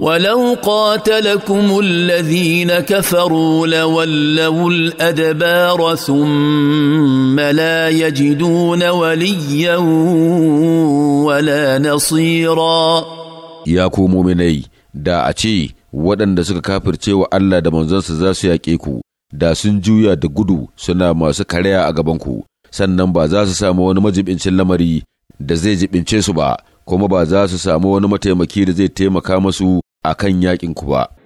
ولو قاتلكم الذين كفروا لولوا الادبار ثم لا يجدون وليا ولا نصيرا يا muminai da a ce waɗanda suka kafirce wa Allah da manzansa za su yaƙe ku da sun juya da gudu suna masu karaya a gabanku sannan ba za su samu wani majibincin lamari da zai jibince su ba kuma ba za su samu wani mataimaki da zai taimaka masu a kan ku ba.